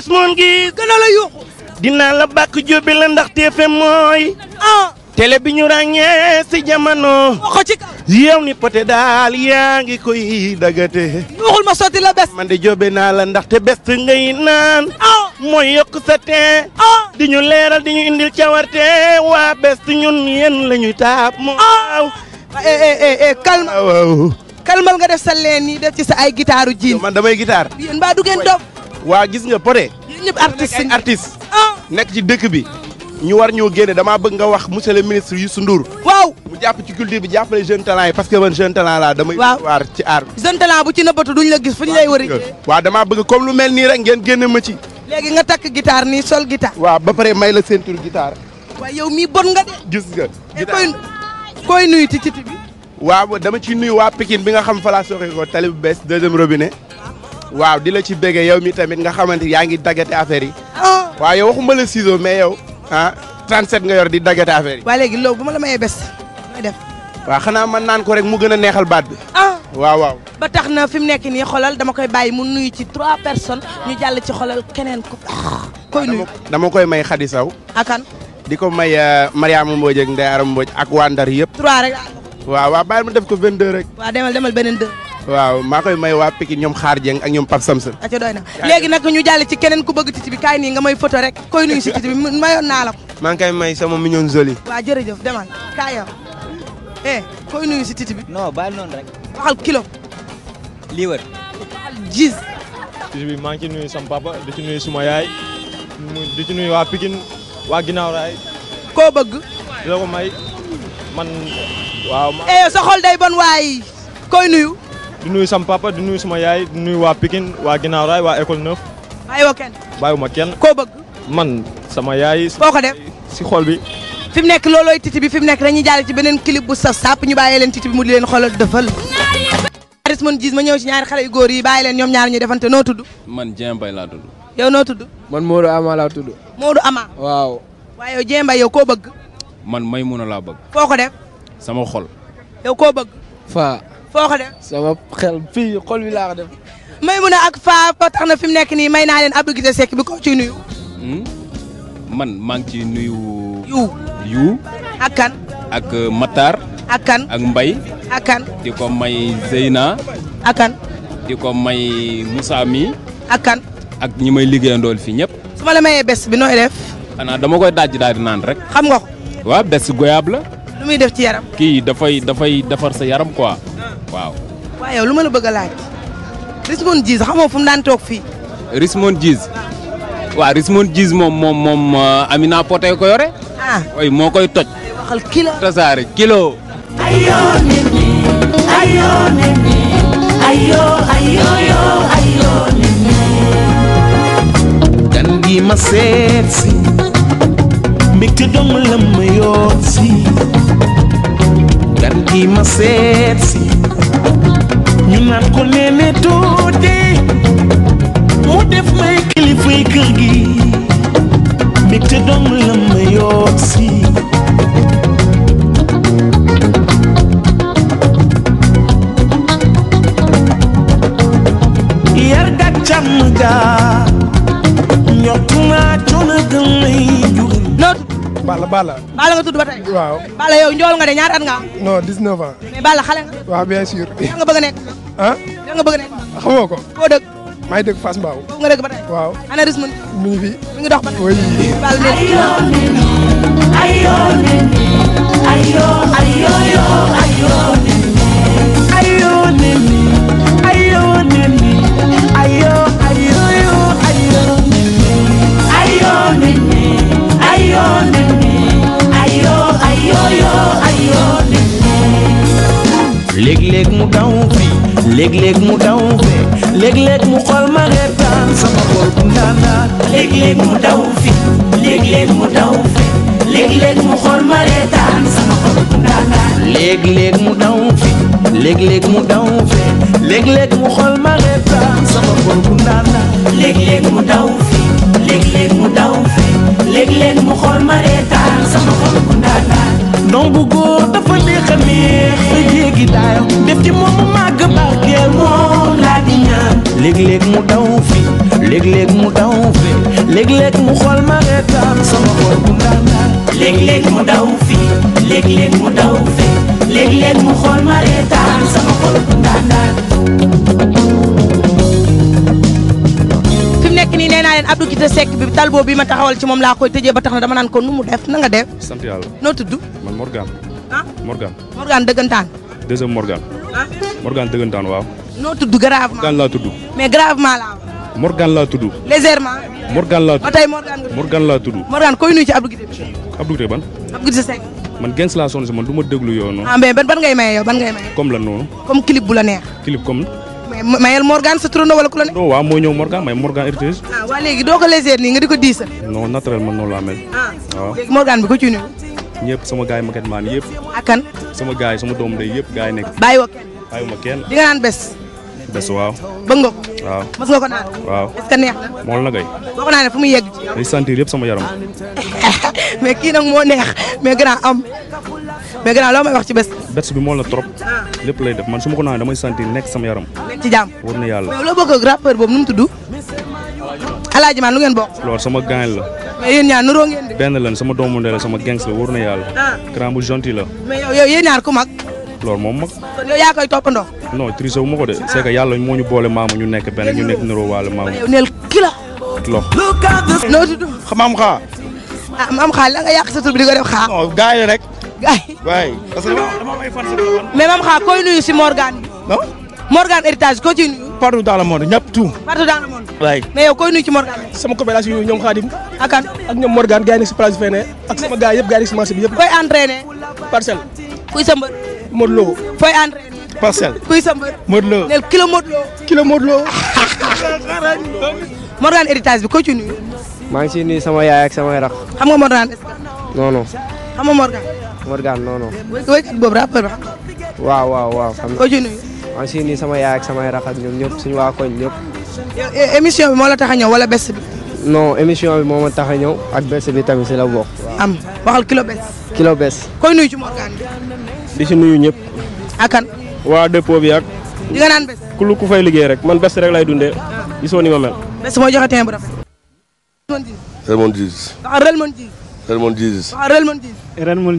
Asmoon gi gën la yuuxu. dinaa la bàkk jóobi la ndax TFM mooy. ah télé bi ñu ràññee jamano jamono. ci kaw yow ni pote daal yaa ngi koy dagate. waxul ma sotti la bés. man de jóobe naa la ndaxte bés ngay naan. ah mooy yokk sa tee. ah di ñu leeral di ñu indil cawarte waa bés ñun yéen la ñuy taab. Ah. waaw. eh, eh, eh, eh ah, nga def sa leen yi def ci sa ay gitaaru jiin. man damay gitaar. yéen mbaa du ngeen dof waa gis nga Pod. ñëpp artiste artiste ah. nekk ci dëkk bi. ñu war ñoo génne damaa bëgg nga wax monsieur le ministre Youssou Ndour. waaw mu jàpp ci culture bi jàppale jeune talent yi parce que man jeune talent laa damay. waaw waar ci aar bi. jeune talent la gis fu ñu lay wëri. waaw damaa bëgg comme lu mel nii rek ngeen génne ma ci. léegi nga takk gitaar nii sol guitare. waa ba pare may la ceinture guitare. waaw yow mii bon nga de. gis nga. Eh, koy koy nuyu ci citi bi. waaw dama ci nuyu waa Pikine bi nga xam fa laa ko tali bu bees deuxième robinet. waaw di la ci béggee yow mi tamit nga xamante yaa ngi daggate affaire yi. Oh. waaw yow waxuma la ciseau mais yow ah 37 nga yor di daggate affaire yi. waaw léegi loolu bu ma la mayee bés may def. waaw xanaa man naan ko rek mu gën a neexal baat bi. Ah. waaw waaw. ba tax na fi mu nekk nii xolal dama koy bàyyi mu nuyu ci trois personnes ñu jàll ci xolal keneen ko ah, koy nuyu koy may Khady Sow. akan di ko may euh, Mariama Mbodj ak Ndeye Aram Mbodj ak waa Ndar yëpp. trois rek. waaw waaw bàyyi ma def ko 22 rek. waaw demal demal beneen 2. waaw maa koy may waa Pikine ñoom xaar jeng ak ñoom Pape Samson. a doy na léegi nag ñu jàll ci keneen ku bëgg titi bi kaay nii nga may photo rek koy nuyu si titi bi mayoon naa la ko. maa ngi koy may sama mignon joli. waaw jërëjëf demal kaay yow. eh koy nuyu si titi bi. non bàyyi noonu rek. waxal kilo. lii maa ngi ci nuyu sama papa di ci nuyu suma yaay di ci nuyu waa Pikine waa ginaaw raay. koo bëgg. di la ko may man waaw. eh sa bon waay koy nuyu. di nuyu sama papa di nuyu sama yaay di nuyu waa Pikine waa Ginnaaw Raay waa école neuf. bàyyiwoo kenn. bàyyiwuma kenn. koo bëgg. man sama yaay. boo ko def si xol bi. fi mu nekk loolooy titi bi fi mu nekk dañuy jàll ci beneen clip bu saf sàpp ñu bàyyi leen titi bi mu di leen xoolal dëfal. man gis ma ñëw ci ñaari xale yu góor yi bàyyi leen ñoom ñaar ñuy defante noo tudd. man Dieng Mbaye laa tudd. yow noo tudd. man Modou Ama laa tudd. Modou Ama. waaw. waaye yow Dieng Mbaye yow koo bëgg. man may Maymuna laa bëgg. foo ko def. sama xol. yow koo bëgg. foo ko def sama xel fii xol bi laa ko def. Maymuna ak Fa ba tax na fi mu nekk nii may naa leen Abdou Guité Seck bi ko ciy nuyu. Hmm? man maa ngi nuyu. yu yu. ak ak euh, Matar. akkan ak Mbay. akkan di ko may Zeyna. ak kan di ko may Moussa mi. ak kan ak ñi may liggéeyandool fii ñëpp. su ma la mayee bés bi nooy def. xanaa dama koy daj daal di naan rek. xam nga ko. waaw bés goyaab la. lu muy def ci yaram. kii dafay dafay defar sa yaram quoi. waaw. waaw yow lu ma la bëgg a laaj. Rismon Djiz xamoo fu mu daan toog fii. Rismon Djiz. waaw Rismon Djiz moom moom euh, Amina Poté ko yore. ah moo koy toj. waxal kilo tasaare kilo. ayoo nit gan gi ma seet si. mbégte dong la ma yoot si. gan gi ma si. ñu naan ko Néné Toté mu def may kilifay kër gi mbégte dong la ma yoot si yar ga càmm ga ñott naa coono gën may jur Balla Balla. Balla nga tudd ba tey. waaw Balla yow njool nga de ñaata nga am. non 19 ans. mais Balla bëgg a ah. da nga bëgg nekk xamoo ko. foo dëkk. maa ngi dëkk Fass Mbao. foofu nga dëkk ba tey. waaw ana mi ngi fi. mi ngi dox ba léeg-léeg mu daw fe léeg-léeg mu xool ma reetaan sama xol bu ndaanaan léeg-léeg mu daw fi léeg-léeg mu daw fe léeg-léeg mu xool ma reetaan sama xol bu ndaanaan léeg-léeg mu daw fi léeg-léeg mu daw fe léeg-léeg mu xool ma léeg-léeg mu daw fi léeg-léeg mu xool ma reetaan nekk nii nee bi boobu bi ma taxawal ci moom laa koy tëjee ba tax na dama naan kon nu mu def nanga def sant yàlla noo tudd man Morgane ah Morgane ah? waaw noo tudd gravement Morgane laa tudd mais gravement laa Morgan laa tudd. légèrement. Morgan laa tudd ba tey Morgan nga. Morgan laa tudd. Morgan koy nuyu ci Abdou Guité. Abdou ban. man gens laa sonn si man du ma déglu yow noonu. ah mais ban ban ngay maye yow ban ngay maye. comme la noonu. comme clip bu la neex. clip comme. mais mayel Morgan sa turandoo wala ku la neex. non waaw moo ñëw Morgan may Morgan héritage. ah waa léegi doo ko léger nii nga di ko diisal. non naturel man noonu laa mel. Ah, Morgan bi ko ciy nuyu. ñëpp sama gars yi maquette man yëpp. ak kan. sama gars yi sama doom day yëpp gars yi nekk. bàyyi woo kenn. bàyyi bés waaw. bëgg nga ko. waaw mës nga ko naan. waaw est-ce que neex na. fu muy yegg. day yëpp sama yaram. mais kii nag moo neex mais gën a am mais gën a loo may wax ci bés. bés bi mool na trop. lépp lay def man su ma ko naanee damay sentir nekk sama yaram. ci jàmm war na yàlla. mais loo bokk ak rappeur boobu nu mu tudd. Alaaji Maan lu ngeen bokk. loolu sama gaañ la. mais yéen ñaar nuroo ngeen di. benn lan sama doomu ndey sama gangs la wóor na yàlla. Ah. grand bu gentil la. mais yow yow yéen ñaar yow yaa koy ma ko de c'est que yàlla moo ñu boole maamu ñu nekk benn ñu nekk niroo waale maamu. yow neel kilo. kilo. noo tudd. maam xaa. ah maam xaa la nga yàq sa tur bi di ko def xaa. non gars yi rek. gars yi waay parce que dama may fan mais maam xaa koy nuyu si Morgan. non Morgan héritage koo ciy nuyu. ci Morgan. sama coopération yooyu ñoom Xaadim. ak kan Morgan gars yi si place bi ak sama gars yëpp gars yi si marché bi yëpp. koy entraîné. parcelle. kuy sa mbër. Modou Lo. fooy entraîné. parcelle. kuy sa mbër. Modou Lo nel kilo Modou Morgan héritage bi ko nuyu. maa ngi ciy nuyu sama yaay ak samay rax. xam nga Morgan est-ce que. non non. xam nga Morgan. Morgan non non. wéykat boobu ba. waaw waaw waaw nuyu. maa ngi nuyu sama yaay ak samay rax ak ñoom ñëpp suñu waa koñ ñëpp. émission bi moo la tax a ñëw wala bés bi. non émission bi moo tax a ak bés bi tamit si la bokk. am waxal kilo bés. kilo bés. koy nuyu ci Morgan di si nuyu ñëpp. akan waa dépôt bi ak. di nga naan ku fay liggéey rek man bés rek lay dundee. gisoo ni ma mel. bés mooy joxe teen bu rafet. Redmond Djizz. waxal Redmond Djizz. Redmond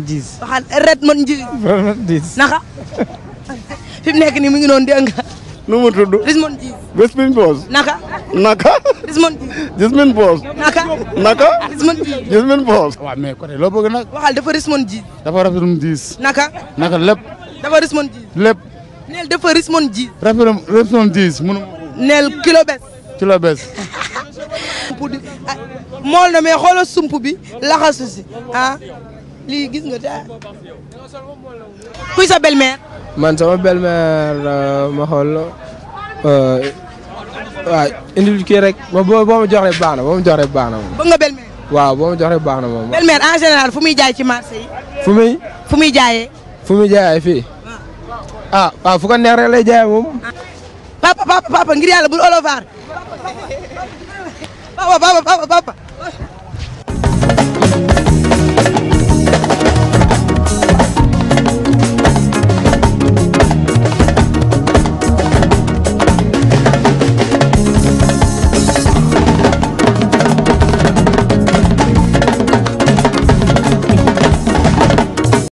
Djizz. waxal Redmond naka fi mu nekk ni mu ngi noonu dégg nga. nu mu tudd. Redmond Djizz. Jasmine Bose. naka. naka. Redmond Djizz. Jasmine Bose. naka. Rizman ji Rizman Boos. waaw mais côté loo bëgg nag. waxal dafa Rizman ji. dafa rafetlu diis. naka. naka lépp. dafa Rizman ji. lépp. neel dafa Rizman ji. rafetlu Rizman diis munu. neel kilo bes. kilo bes. Ah, mool na mais xoolal sump bi laxasu si ah lii gis nga daa. kuy sa belle-mère. man sama belle-mère euh, ma xool. Euh, waaw indil kii rek ma boo ma jox rek baax boo ma jox rek moom. bëgg nga belle-mère. waaw boo ma jox rek baax na moom. belle-mère en fu muy jaay ci marché yi. fu muy. fu muy jaayee. fu muy jaayee fii. ah, ah waaw ko neex rek lay jaayee moom. Ah. papa papa papa ngir bul olofaar. papa papa.